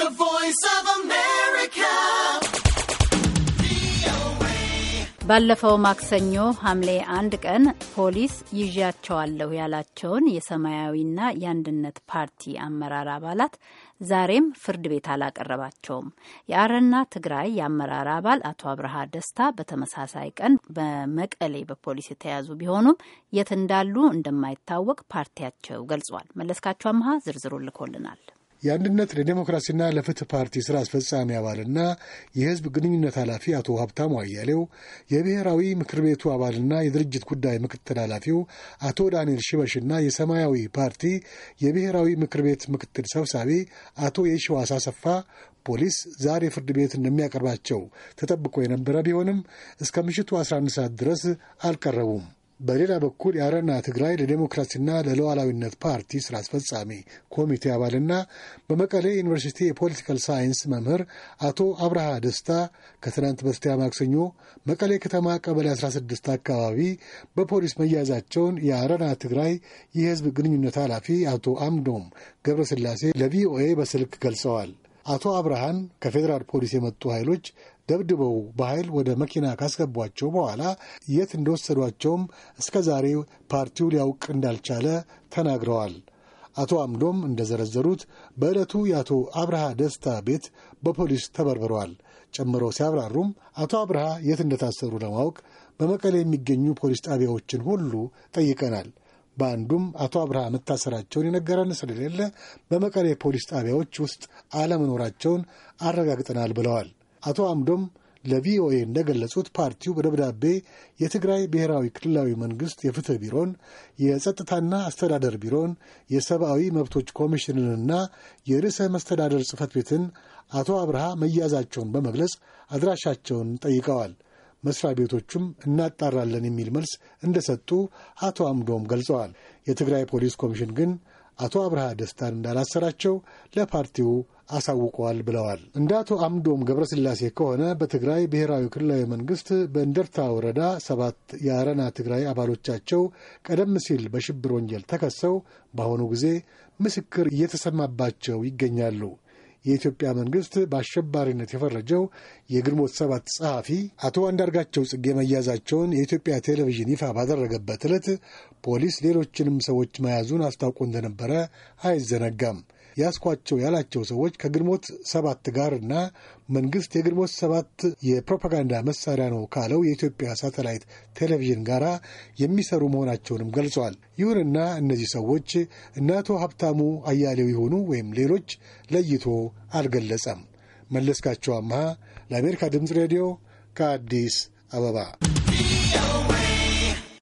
The Voice of America. ባለፈው ማክሰኞ ሐምሌ አንድ ቀን ፖሊስ ይዣቸዋለሁ ያላቸውን የሰማያዊና የአንድነት ፓርቲ አመራር አባላት ዛሬም ፍርድ ቤት አላቀረባቸውም። የአረና ትግራይ የአመራር አባል አቶ አብርሃ ደስታ በተመሳሳይ ቀን በመቀሌ በፖሊስ የተያዙ ቢሆኑም የት እንዳሉ እንደማይታወቅ ፓርቲያቸው ገልጿል። መለስካቸው አምሃ ዝርዝሩ ልኮልናል። የአንድነት ለዴሞክራሲና ለፍትህ ፓርቲ ስራ አስፈጻሚ አባልና የህዝብ ግንኙነት ኃላፊ አቶ ሀብታሙ አያሌው፣ የብሔራዊ ምክር ቤቱ አባልና የድርጅት ጉዳይ ምክትል ኃላፊው አቶ ዳንኤል ሽበሽና የሰማያዊ ፓርቲ የብሔራዊ ምክር ቤት ምክትል ሰብሳቢ አቶ የሺዋስ አሰፋ ፖሊስ ዛሬ ፍርድ ቤት እንደሚያቀርባቸው ተጠብቆ የነበረ ቢሆንም እስከ ምሽቱ 11 ሰዓት ድረስ አልቀረቡም። በሌላ በኩል የአረና ትግራይ ለዴሞክራሲና ለሉዓላዊነት ፓርቲ ስራ አስፈጻሚ ኮሚቴ አባልና በመቀሌ ዩኒቨርሲቲ የፖለቲካል ሳይንስ መምህር አቶ አብርሃ ደስታ ከትናንት በስቲያ ማክሰኞ መቀሌ ከተማ ቀበሌ 16 አካባቢ በፖሊስ መያዛቸውን የአረና ትግራይ የህዝብ ግንኙነት ኃላፊ አቶ አምዶም ገብረስላሴ ለቪኦኤ በስልክ ገልጸዋል። አቶ አብርሃን ከፌዴራል ፖሊስ የመጡ ኃይሎች ደብድበው በኃይል ወደ መኪና ካስገቧቸው በኋላ የት እንደወሰዷቸውም እስከ ዛሬ ፓርቲው ሊያውቅ እንዳልቻለ ተናግረዋል። አቶ አምዶም እንደዘረዘሩት በዕለቱ የአቶ አብርሃ ደስታ ቤት በፖሊስ ተበርብረዋል። ጨምረው ሲያብራሩም አቶ አብርሃ የት እንደታሰሩ ለማወቅ በመቀሌ የሚገኙ ፖሊስ ጣቢያዎችን ሁሉ ጠይቀናል። በአንዱም አቶ አብርሃ መታሰራቸውን የነገረን ስለሌለ በመቀሌ ፖሊስ ጣቢያዎች ውስጥ አለመኖራቸውን አረጋግጠናል ብለዋል። አቶ አምዶም ለቪኦኤ እንደገለጹት ፓርቲው በደብዳቤ የትግራይ ብሔራዊ ክልላዊ መንግስት የፍትህ ቢሮን፣ የጸጥታና አስተዳደር ቢሮን፣ የሰብአዊ መብቶች ኮሚሽንንና የርዕሰ መስተዳደር ጽህፈት ቤትን አቶ አብርሃ መያዛቸውን በመግለጽ አድራሻቸውን ጠይቀዋል። መስሪያ ቤቶቹም እናጣራለን የሚል መልስ እንደሰጡ አቶ አምዶም ገልጸዋል። የትግራይ ፖሊስ ኮሚሽን ግን አቶ አብርሃ ደስታን እንዳላሰራቸው ለፓርቲው አሳውቀዋል ብለዋል። እንደ አቶ አምዶም ገብረስላሴ ከሆነ በትግራይ ብሔራዊ ክልላዊ መንግስት በእንደርታ ወረዳ ሰባት የአረና ትግራይ አባሎቻቸው ቀደም ሲል በሽብር ወንጀል ተከሰው በአሁኑ ጊዜ ምስክር እየተሰማባቸው ይገኛሉ። የኢትዮጵያ መንግስት በአሸባሪነት የፈረጀው የግንቦት ሰባት ጸሐፊ አቶ አንዳርጋቸው ጽጌ መያዛቸውን የኢትዮጵያ ቴሌቪዥን ይፋ ባደረገበት ዕለት ፖሊስ ሌሎችንም ሰዎች መያዙን አስታውቆ እንደነበረ አይዘነጋም። ያስኳቸው ያላቸው ሰዎች ከግንቦት ሰባት ጋር እና መንግስት የግንቦት ሰባት የፕሮፓጋንዳ መሳሪያ ነው ካለው የኢትዮጵያ ሳተላይት ቴሌቪዥን ጋር የሚሰሩ መሆናቸውንም ገልጸዋል። ይሁንና እነዚህ ሰዎች እነ አቶ ሀብታሙ አያሌው ይሆኑ ወይም ሌሎች ለይቶ አልገለጸም። መለስካቸው አምሃ ለአሜሪካ ድምፅ ሬዲዮ ከአዲስ አበባ